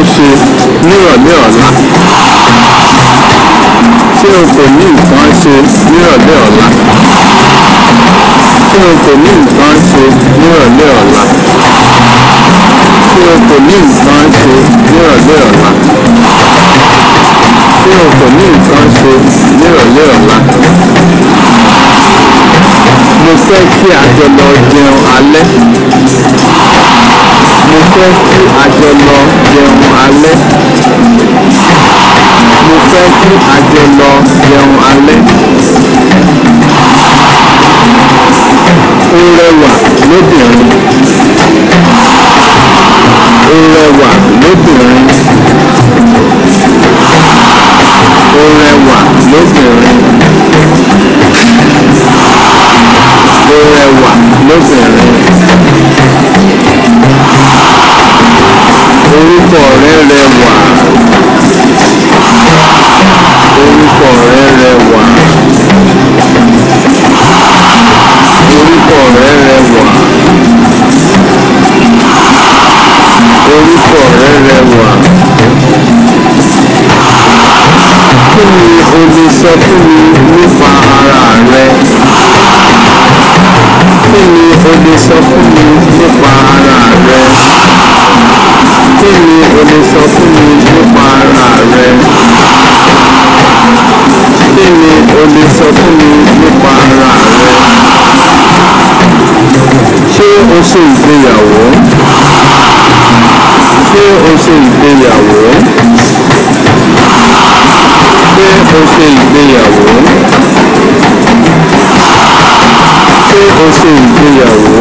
ń ṣe nírọ̀lẹ́ ọ̀la ṣé o kò ní nǹkan ṣe nírọ̀lẹ́ ọ̀la ṣé o kò ní nǹkan ṣe nírọ̀lẹ́ ọ̀la ṣé o kò ní nǹkan ṣe nírọ̀lẹ́ ọ̀la ṣé o kò ní nǹkan ṣe nírọ̀lẹ́ ọ̀la mo fẹ́ kí a jọ lọ jẹun alẹ́ fẹ́ kí a jọ lọ jẹun alẹ́. mo fẹ́ kí a jọ lọ jẹun alẹ́. ó rẹwà lóbìnrin. ó rẹwà lóbìnrin. ó rẹwà lóbìnrin. ó rẹwà lóbìnrin. orúkọ rẹ rẹwà orúkọ rẹ rẹwà orúkọ rẹ rẹwà orúkọ rẹ rẹwà kí ni o lè sọ fún mi nípa ara rẹ kí ni o lè sọ fún mi nípa ara rẹ kí ni sọ fún nípa ara rẹ? kí ni sọ fún nípa ara rẹ? ṣé o ṣe ìgbéyàwó? ṣé o ṣe ìgbéyàwó? ṣé o ṣe ìgbéyàwó? ṣé o ṣe ìgbéyàwó?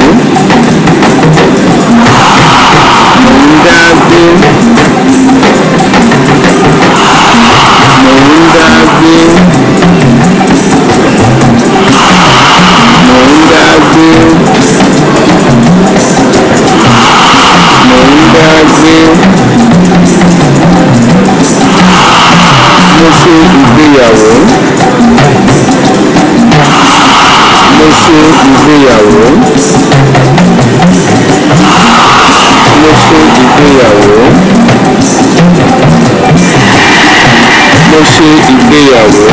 ṣe ìgbéyàwó mo ṣe ìgbéyàwó mo ṣe ìgbéyàwó.